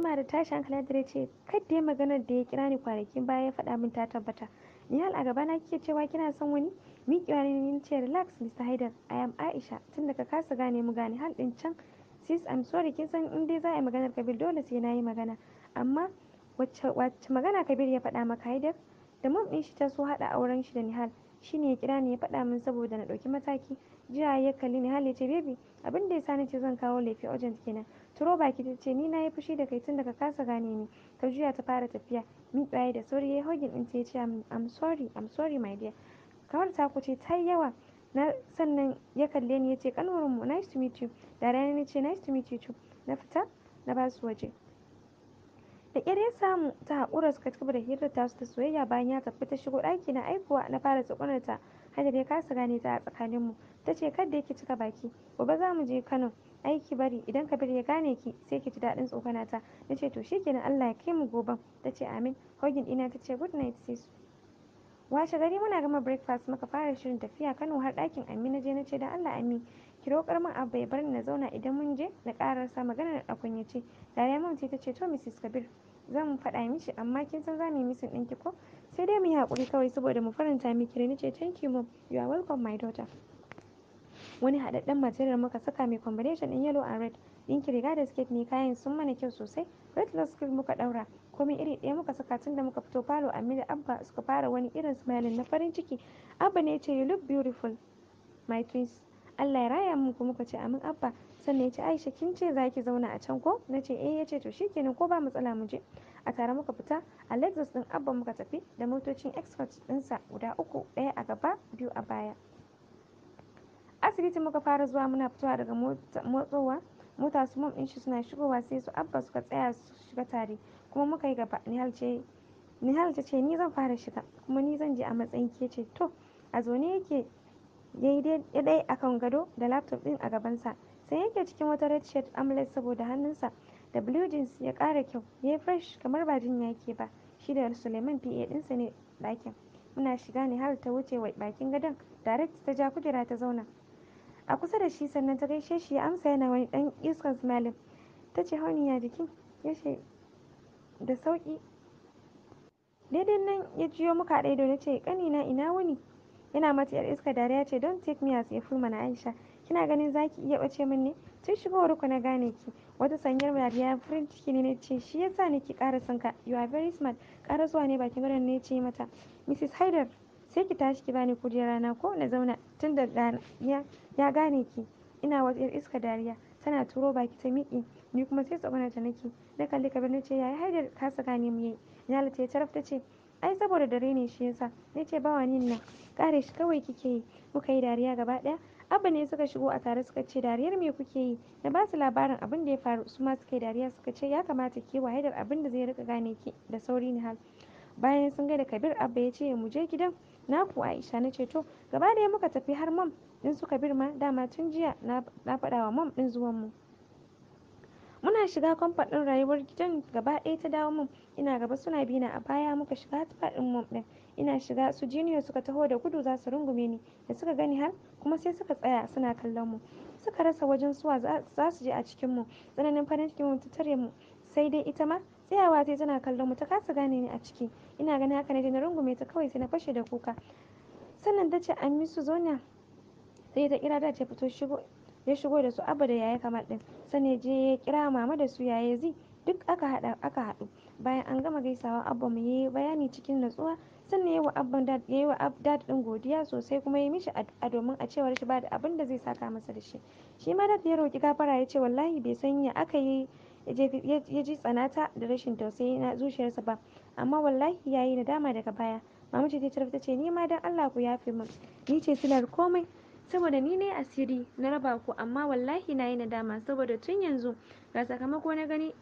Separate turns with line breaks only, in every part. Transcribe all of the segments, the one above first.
kuma da tashi hankali ya ce kadda ya maganar da ya kira ni kwanakin baya ya faɗa min ta tabbata Nihal a gaba na kike cewa kina son wani wani ne ni ce relax Mr. Haidar I am Aisha tun da ka kasa gane mu gane hal din can sis I'm sorry kin san in dai za a yi maganar Kabir dole sai na yi magana amma wacce magana Kabir ya faɗa maka Haidar da mun ɗin shi ta so haɗa auren shi da Nihal shine ya kira ni ya faɗa min saboda na ɗauki mataki jiya ya kalli ni hali ya ce baby abin da ya sani ce zan kawo lefe urgent kenan turo baki ta ce ni na yi fushi da kai tun daga kasa gane ni ta juya ta fara tafiya mi tsaye da sauri yayi hogin din ya ce i'm sorry i'm sorry my dear kawar ta kuce ta yi yawa na sannan ya kalle ni ya ce kanwarin mu nice to meet you da rana ne ce nice to meet you too na fita na ba su waje da kyar ya samu ta haƙura suka cigaba da hirar tasu ta soyayya bayan ya tafi ta shigo ɗaki na aikuwa na fara tsakunan ta hajar ya kasa gane ta a tsakaninmu ta ce kada ki cika baki gobe za mu je kano aiki bari idan kabir ya gane ki sai ki ji daɗin tsokana ta na ce to shikenan allah ya kai mu goben ta ce amin hogin ɗina ta ce good night sis washe gari muna gama breakfast muka fara shirin tafiya kano har ɗakin amina je na ce da allah amin ki roƙar min abu ya bar ni na zauna idan mun je na ƙararsa maganar magana da ɗakun mam ce ta ce to mrs kabir zan faɗa mishi amma kin san zamu yi misin ɗinki ko sai dai mu yi haƙuri kawai saboda mu faranta miki ne nace thank you mom you are welcome my daughter wani haɗaɗɗen material muka saka mai combination ɗin yellow and red ɗinki riga da skirt ne kayan sun mana kyau sosai red long skirt muka ɗaura komai iri ɗaya muka saka tun da muka fito falo amma da abba suka fara wani irin smiling na farin ciki abba ne ya ce you look beautiful my twins Allah ya raya mu kuma muka ce amin abba sannan ya ce Aisha kin ce za ki zauna a can ko na ce eh ya ce to shikenan ko ba matsala mu je a tare muka fita a Lexus din abba muka tafi da motocin expert ɗinsa guda uku ɗaya a gaba biyu a baya asibiti muka fara zuwa muna fitowa daga motsowa mota su mom shi suna shigowa sai su abba suka tsaya su shiga tare kuma muka yi gaba nihal ce nihal ta ce ni zan fara shiga kuma ni zan je a matsayin ke ce to a zaune yake ya dai kan gado da laptop din a gaban sa sai yake cikin wata red shirt amulet saboda hannunsa da blue jeans ya kara kyau ya yi fresh kamar ba jin yake ba shi da suleiman pa ɗinsa ne ɗakin muna shiga ne har ta wuce wai bakin gadon direct ta ja kujera ta zauna a kusa da shi sannan ta gaishe shi ya amsa yana wani dan iskar smiling ta ce hauniya jikin ya ce da sauƙi daidai nan ya jiyo muka ɗaya da ce na ina wani?" yana mata yar iska dariya ce don take me as a fool mana aisha kina ganin zaki iya bace min ne tun shigowar ku na gane ki wata sanyar dariya farin ciki ne ce shi yasa nake ƙara sanka you are very smart ƙara zuwa ne bakin gadon ne ce mata mrs haidar sai ki tashi ki bani kujera na ko na zauna tun da ya ya gane ki ina wata yar iska dariya tana turo baki ta miƙe ni kuma sai tsogana ta nake na kalli ka bar nace yayi haidar kasa ni mu yayi yala ta taraf tace ai saboda dare ne shi yasa nace ba wani nan kare shi kawai kike yi muka yi dariya gaba daya abba ne suka shigo a tare suka ce dariyar me kuke yi na ba su labarin abin da ya faru su ma suka yi dariya suka ce ya kamata ki wa haidar abin da zai rika gane ki da sauri hal bayan sun gaida kabir abba ya ce mu je gidan Na ku Aisha na ce to gaba ɗaya muka tafi har mam ɗin suka Kabir ma dama tun jiya na faɗa wa mam ɗin zuwan mu. Muna shiga kwamfat rayuwar gidan gaba ɗaya ta dawo mam ina gaba suna bina a baya muka shiga faɗin mam ɗin ina shiga su junior suka taho da gudu za su rungume ni da suka gani har kuma sai suka tsaya suna kallon mu suka rasa wajen suwa za su je a cikin mu tsananin farin cikin mu ta tare mu sai dai ita ma tsayawa sai tana kallon mu ta kasa gane ni a ciki ina ganin haka ne na rungume ta kawai sai na fashe da kuka sannan ta ce an misu zonya sai ta kira da ta fito shigo ya shigo da su abba da yaya kamar din sannan je ya kira mama da su yaya zi duk aka hada aka haɗu bayan an gama gaisawa abba mu yayi bayani cikin natsuwa sannan yayi wa abba dad yayi wa din godiya sosai kuma yayi mishi a domin a cewar shi ba da abin da zai saka masa da shi shi ma dad ya roki gafara ya ce wallahi bai san ya aka yi ya ji tsanata da rashin tausayi na zuciyarsa ba amma wallahi ya yi nadama daga baya mamaci ta tarfi ta ce ni ma dan Allah ku yafe min ni ce silar komai saboda ni ne asiri na raba ku amma wallahi na yi nadama saboda tun yanzu ga sakamako na gani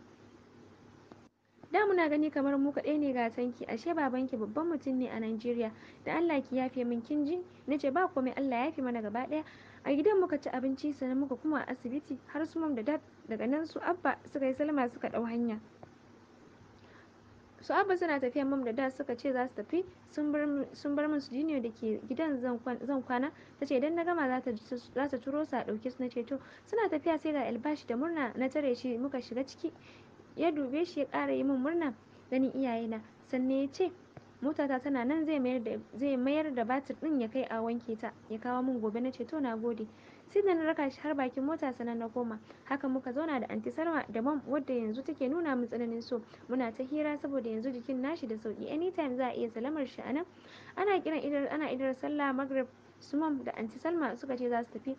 da muna gani kamar mu kaɗai ne ga tanki ashe babanki babban mutum ne a Najeriya da Allah ki yafe min kin ji nace ba komai Allah yafe mana gaba ɗaya a gidan muka ci abinci sannan muka kuma asibiti har su mam da dad daga nan su abba suka yi salama suka ɗau hanya su abba suna tafiya mam da dad suka ce za su tafi sun bar min su jiniyo da ke gidan zan kwana ta ce idan na gama za ta turo su a ɗauke su na ce to suna tafiya sai ga albashi da murna na tare shi muka shiga ciki ya dube shi ya kara yi min murna ganin iyayena sannan ya ce motata tana nan zai mayar da zai mayar da batir ɗin ya kai a wanke ta ya kawo min gobe na ce to na gode sai da na raka shi har bakin mota sanan na koma haka muka zauna da anti sarwa da mom wadda yanzu take nuna min tsananin so muna ta hira saboda yanzu jikin nashi da sauki anytime za a iya salamar shi anan ana kiran idar ana idar sallah maghrib su mom da anti salma suka ce za su tafi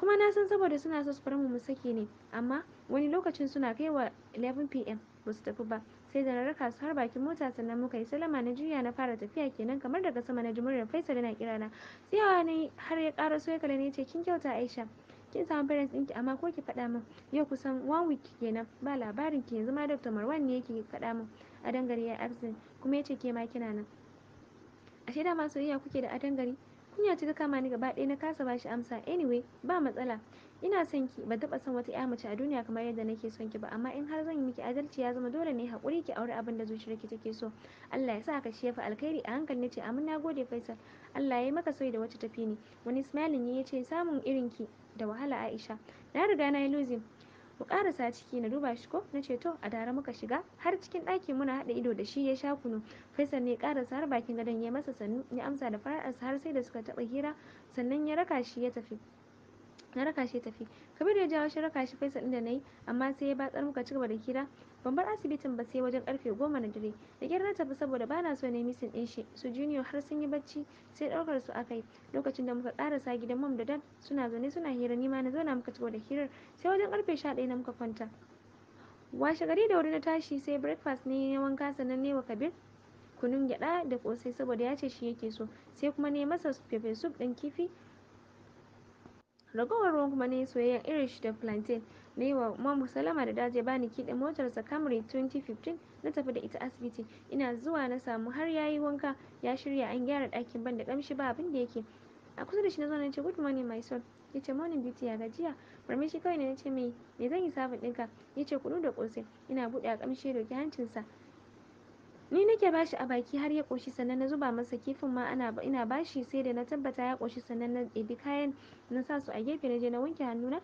kuma na san saboda suna so su mu saki ne amma wani lokacin suna kai wa 11 pm ba su tafi ba sai da na raka su har bakin mota sannan muka yi salama na juya na fara tafiya kenan kamar daga sama na ji muryar faisal yana kira na tsayawa ne har ya ƙara so ya kalle ne ce kin kyauta aisha kin samu parents ɗinki amma ko ki faɗa min yau kusan one week kenan ba labarin ki yanzu ma dr marwan ne yake faɗa min a dangare ya absent kuma ya ce ke ma kina nan ashe da ma soyayya kuke da adangari kunya ta kama ni gaba ɗaya na kasa bashi amsa anyway ba matsala ina son ki ba taɓa son wata 'ya mace a duniya kamar yadda nake son ki ba amma in har zan yi miki adalci ya zama dole ne haƙuri ki aure abin da zuciyarki take so Allah ya sa ka shi yafi alkhairi a hankali nace amin gode Faisal Allah ya yi maka soyi da wacce tafi ni wani smiling ya ce samun irin ki da wahala Aisha na riga na yi losing mu karasa ciki na duba shi ko na ce to a tare muka shiga har cikin ɗaki muna haɗa ido da shi ya sha kunu faisal ne karasa har bakin gadon ya masa sannu ya amsa da fara'arsa har sai da suka taɓa hira sannan ya raka shi ya tafi na raka shi tafi kabir ya jawo shi raka shi faisa inda na amma sai ya batsar muka cigaba da hira ban bar asibitin ba sai wajen karfe goma na dare da kyar na tafi saboda ba na so ne misin din shi su junior har sun yi bacci sai daukar su akai yi lokacin da muka karasa gidan mam da dan suna zaune suna hira ni ma na zauna muka cigaba da hirar sai wajen karfe 11 na muka kwanta washe gari da wuri na tashi sai breakfast ne na wanka sannan ne wa kabir kunun gyada da kosai saboda ya ce shi yake so sai kuma ne masa pepper soup din kifi ragowar ruwan kuma na yi irin irish da plantain na yi wa mamu salama da daji bani kiɗin motarsa camry 2015 na tafi da ita asibiti ina zuwa na samu har ya yi wanka ya shirya an gyara ɗakin ban da ƙamshi ba abin da yake a kusa da shi na zo na ce good morning my son ya ce morning beauty ya gajiya shi kawai ne na ce mai me zan yi sabon ɗinka ya ce kunu da ƙosai ina buɗe a ƙamshi ya doki hancinsa ni nake bashi a baki har ya ƙoshi sannan na zuba masa kifin ma ana ina bashi sai da na tabbata ya ƙoshi sannan na ɗebi kayan na sa su a gefe na je na wanke hannuna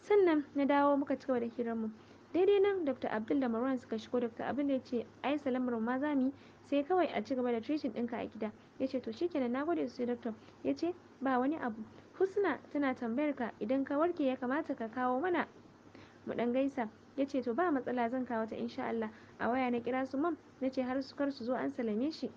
sannan na dawo muka cigaba da mu daidai nan dr abdul da marwan suka shigo dr abdul ya ce ai salamar ma za mu sai kawai a cigaba da treating ɗinka a gida ya ce to shikenan na gode sosai doctor ya ce ba wani abu husna tana tambayar ka idan ka warke ya kamata ka kawo mana mu dan gaisa ya ce to ba matsala zan kawo ta insha Allah a waya na kira su mam na ce har su kar su zo an salame shi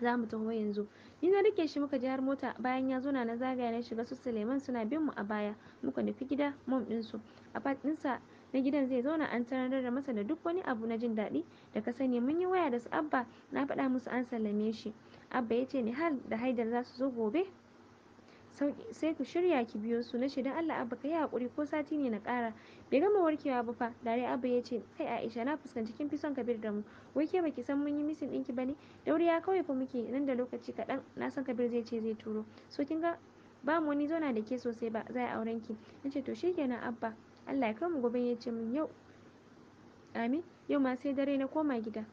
za mu taho yanzu ni na rike shi muka je har mota bayan ya zo na zagaya na shiga su suleiman suna bin mu a baya muka nufi gida mom ɗinsu a ɗinsa na gidan zai zauna an tarar da masa da duk wani abu na jin daɗi da ka sani mun yi waya da su abba na faɗa musu an sallame shi abba ya ce ni har da haidar za su zo gobe sai ku shirya ki biyo su na ce don Allah abba ka yi hakuri ko sati ne na kara bai gama warkewa ba fa dare abba ya ce kai Aisha na fuskanci kin fi son Kabir da mu wai ke baki san mun yi misin ɗinki ba ne ya kawai fa muke nan da lokaci kaɗan na san Kabir zai ce zai turo so kin ga ba mu wani zauna da ke sosai ba za a auren ki na ce to shikenan abba Allah ya mu gobe ya ce min yau amin yau ma sai dare na koma gida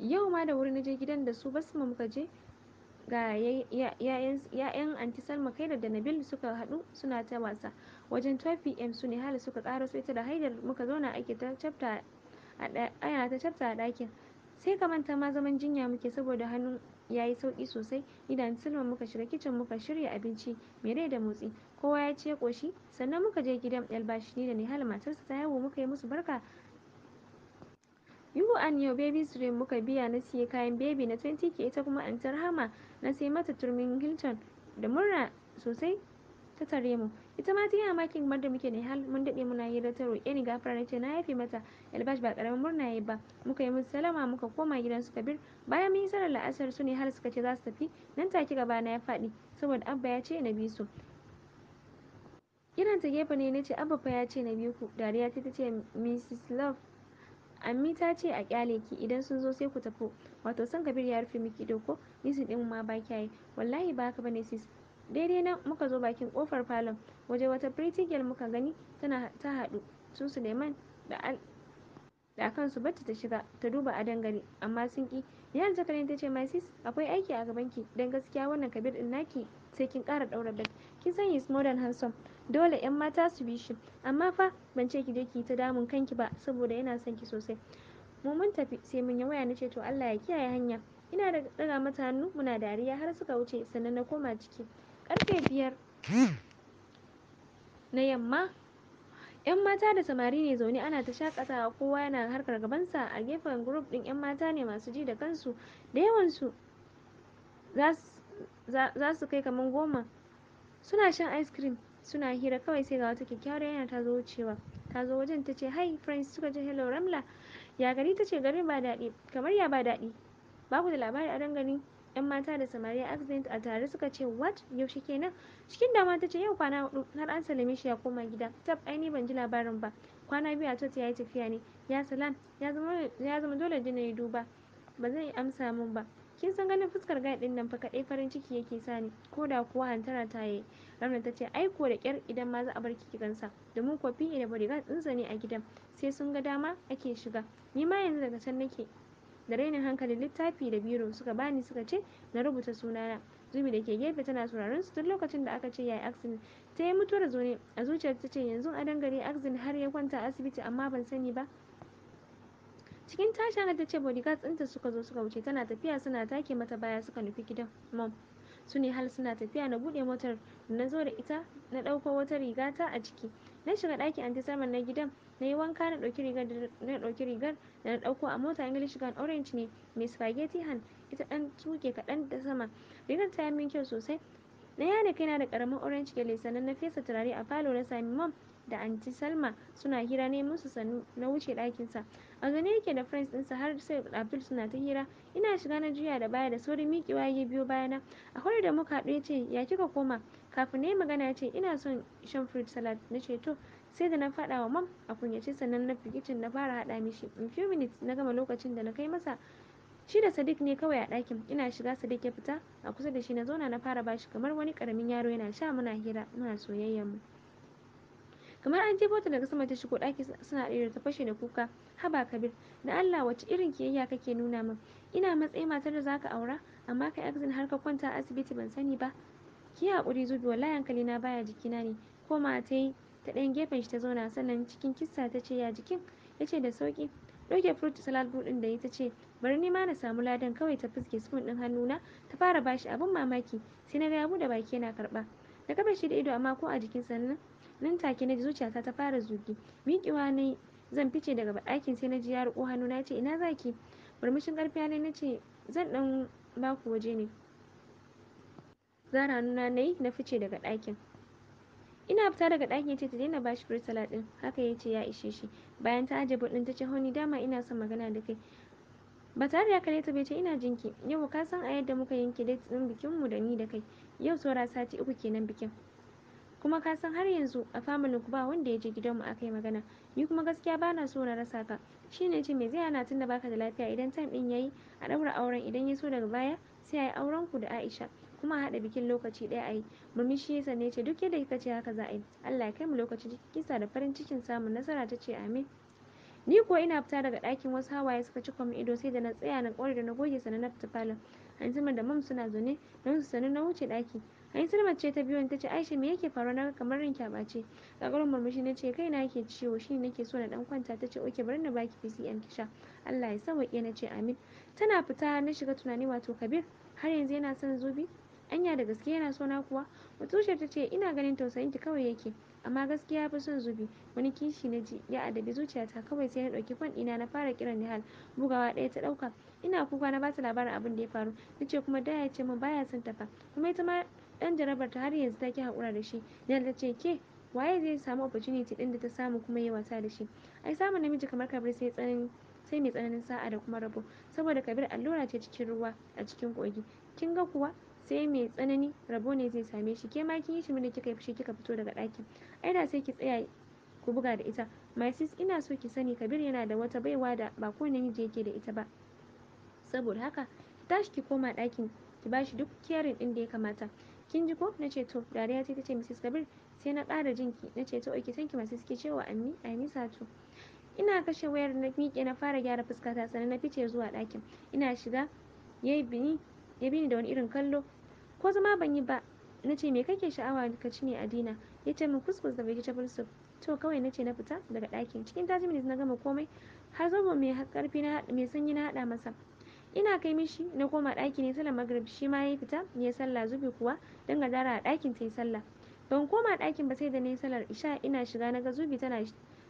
yau ma da wuri na je gidan da su basu muka je ga ‘ya'yan anti Salma kai da Nabil suka haɗu suna ta wasa wajen 12pm su Nihal suka ƙaraso ita da Haidar muka zauna ake ta cafta ana ta chapter a dakin sai ka manta ma zaman jinya muke saboda hannun yayi yi sauƙi sosai idan silma muka shiga kicin muka shirya abinci mai rai da motsi kowa ya ce ƙoshi sannan muka je gidan yalbashi ni da nihal matarsa ta haihu muka yi musu barka you and your baby stream muka biya na siya kayan baby na 20k ita kuma antar hama na sai mata turmin hilton da murna sosai ta tare mu ita ma tana makin kamar da muke ne hal mun dade muna hira ta roƙe ni gafara nace na yafe mata albash ba karamin murna yayi ba muka yi musu salama muka koma gidan su kabir bayan mun yi sallar la'asar su ne har suka ce za su tafi nan take gaba na ya faɗi saboda abba ya ce na bi su kiran ta gefe ne nace abba fa ya ce na bi ku dariya ta tace mrs love Ammi ta ce a kyale ki idan sun zo sai ku tafi wato san Kabir ya rufe miki ido ko nisi ɗin ma ba kya yi wallahi ba haka bane sis daidai nan muka zo bakin kofar falon waje wata pretty girl muka gani tana ta hadu su Suleiman da al da kansu ta shiga ta duba a dangare amma sun ki Nihal zakarin ta ce my sis akwai aiki a gaban ki dan gaskiya wannan Kabir din naki sai kin kara daura bel kin san he is more than handsome dole 'yan mata su bi shi amma fa ban ce ki je ki yi ta damun kanki ba saboda yana son ki sosai mu mun tafi sai mun yi waya na ce to Allah ya kiyaye hanya ina da daga mata hannu muna dariya har suka wuce sannan na koma ciki karfe biyar na yamma yan mata da samari ne zaune ana ta shakatawa kowa yana harkar gabansa a gefen group din yan mata ne masu ji da kansu da yawansu za su kai kaman goma suna shan ice cream suna hira kawai sai ga wata kyakkyawar yana ta zo wucewa ta zo wajen ta ce hi friends suka ce hello ramla ya gari ta ce garin ba daɗi kamar ya ba daɗi babu da labari a dangane yan mata da samari accident a tare suka ce what yaushe kenan cikin dama ta ce yau kwana hudu har an salame shi ya koma gida tab aini ban ji labarin ba kwana biyu a tot ya yi tafiya ne ya salam ya zama dole na yi duba ba zai amsa min ba kin san ganin fuskar gad din nan fa kadai farin ciki yake sa ni ko da kuwa hantara ta yi ramna ta ce ai ko da kyar idan ma za a bar ki gansa domin ko fi da bodyguard din ne a gidan sai sun ga dama ake shiga ni ma yanzu daga can nake da rainin hankali littafi da biro suka bani suka ce na rubuta sunana zubi da ke gefe tana sauraron su tun lokacin da aka ce yayi accident ta yi mutuwar ne a zuciyar ta ce yanzu a dangare accident har ya kwanta asibiti amma ban sani ba cikin tashin hankali tace ce bodyguards ɗinta suka zo suka wuce tana tafiya suna take mata baya suka nufi gidan mom su ne hal suna tafiya na buɗe motar na zo da ita na ɗauko wata riga ta a ciki na shiga ɗakin anti saman na gidan na yi wanka na ɗauki rigar na ɗauki rigar da na ɗauko a mota english gun orange ne mai spaghetti hand ita ɗan tuke kaɗan da sama rigar ta yi min kyau sosai na yana kaina da ƙaramin orange gele sannan na fesa turare a falo na sami mom da anti salma suna hira ne musu sannu na wuce ɗakinsa a gane yake da friends ɗinsa har sai abdul suna ta hira ina shiga na juya da baya da saurin miƙe ya biyo bayana a kwarar da muka haɗu ya ce ya kika koma kafin na yi magana ya ce ina son shan fruit salad na ce to sai da na faɗa wa mam a kunyace sannan na fi kicin na fara haɗa mishi in few minutes na gama lokacin da na kai masa shi da sadiq ne kawai a ɗakin ina shiga sadiq ya fita a kusa da shi na zauna na fara bashi kamar wani ƙaramin yaro yana sha muna hira muna soyayyen mu kamar an jefo ta daga sama ta shigo ɗaki suna ɗaya ta fashe da kuka haba kabir da allah wace irin kiyayya kake nuna min ina matsayi matar da zaka aura amma kai accident har ka kwanta a asibiti ban sani ba ki haƙuri zubi wallahi hankali na baya jikina ne ko ma ta yi ta ɗayan gefen shi ta zauna sannan cikin kissa ta ce ya jikin ya ce da sauƙi ɗauke fruit salad bowl ɗin da ita ce bari ni ma na samu ladan kawai ta fuske spoon ɗin hannuna ta fara bashi abin mamaki sai na ga ya bude baki yana karɓa da kafa shi da ido amma ko a jikin sannan nan take na ji zuciyata ta fara zugi miƙewa na zan fice daga ɗakin sai na ji ya riƙo hannu na ce ina zaki murmushin ƙarfi na na ce zan ɗan baku waje ne zara hannuna na yi na fice daga ɗakin ina fita daga ɗakin yace ta daina bashi fursala ɗin haka yace ya ishe shi bayan ta aje buɗin ta ce honi dama ina son magana da kai ba tare da kare ta bai ce ina jinki yau ka san a yadda muka yanke date ɗin bikin mu da ni da kai yau saura sati uku kenan bikin kuma ka san har yanzu a familin ku ba wanda ya je gidanmu aka yi magana ni kuma gaskiya ba na so na rasa ka shine ce me zai hana tunda baka da lafiya idan time din yayi a daura auren idan ya so daga baya sai ayi auren ku da Aisha kuma a haɗa bikin lokaci ɗaya ayi murmushi ya ne ce duk yadda kika ce haka za a yi Allah ya kai mu lokaci kisa da farin cikin samun nasara ta ce amin ni kuwa ina fita daga ɗakin wasu hawaye suka ci min ido sai da na tsaya na kore da na goge sannan na fita falon an da mam suna zaune don su sanu na wuce ɗaki Kaisar ce ta biyu ta ce Aisha me yake faruwa na kamar ran kyaba ce. murmushi na ce kai na yake ciwo shi ne nake so na dan kwanta ta ce oke bari na baki PCM ki sha. Allah ya sauke na ce amin. Tana fita na shiga tunani wato Kabir har yanzu yana son zubi anya da gaske yana so na kuwa mutushar ta ce ina ganin tausayin ki kawai yake amma gaskiya fi son zubi wani kishi na ji ya adabi zuciyata kawai sai na dauki kwan dina na fara kiran Nihal bugawa ɗaya ta ɗauka ina kuka na bata labarin abin da ya faru ta ce kuma da ya ce min baya son tafa kuma ita ma dan jarabar ta har yanzu ta ki haƙura da shi Nana ta ce ke waye zai samu opportunity din da ta samu kuma yi wasa da shi ai samun namiji kamar kabir sai tsanani sai mai tsananin sa'a da kuma rabo saboda kabir allura ce cikin ruwa a cikin kogi kin ga kuwa sai mai tsanani rabo ne zai same shi ke ma kin yi shi da kika fushi kika fito daga ɗakin ai da sai ki tsaya ku buga da ita my sis ina so ki sani kabir yana da wata baiwa da ba ko namiji yake da ita ba saboda haka ki tashi ki koma ɗakin ki bashi duk kerin ɗin da ya kamata kin ji ko na ce to dariya ce ta ce mrs kabir sai na ƙara jinki na ce to oke sanki masu suke cewa ammi a miss her ina kashe wayar na miƙe na fara gyara fuskata sannan na fice zuwa ɗakin ina shiga ya bini ya bini da wani irin kallo ko zama ban yi ba na ce me kake sha'awa ka ci ne a dina ya ce min kuskus da vegetable soup to kawai na ce na fita daga ɗakin cikin 30 minutes na gama komai har zobo mai karfi na mai sanyi na haɗa masa ina kai mishi na koma ɗaki ne sallar magrib shi ma ya fita ya sallah zubi kuwa dan gadara a ɗakin ta yi sallah ban koma ɗakin ba sai da na yi sallar isha ina shiga na ga zubi tana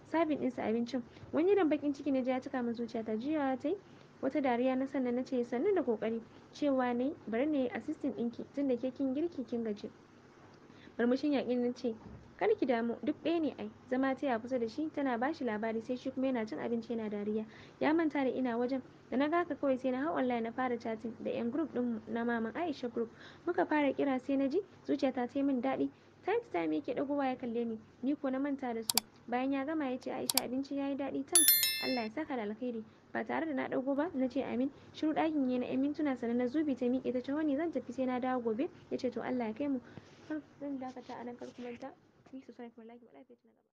sabin ɗinsa abincin wani dan bakin ciki na ji ya cika min zuciya ta jiya ta yi wata dariya na sannan na ce sannu da kokari cewa ne bari ne assistant ɗinki tunda ke kin girki kin gaji murmushin yakin na ce kar ki damu duk ɗaya ne ai zama taya kusa da shi tana bashi labari sai shi kuma yana cin abinci yana dariya ya manta da ina wajen da na gaka kawai sai na hau online na fara chatting da yan group din na maman Aisha group muka fara kira sai na ji zuciyata ta yi min daɗi time to time yake dagowa ya kalle ni ni ko na manta da su bayan ya gama ya ce Aisha abinci yayi daɗi tan Allah ya saka da alkhairi ba tare da na dago ba na ce amin shiru ɗakin ya na yan mintuna sannan na zubi ta miƙe ta ce wani zan tafi sai na dawo gobe ya ce to Allah ya kai mu zan dakata a nan kar ku manta Please subscribe for like my life.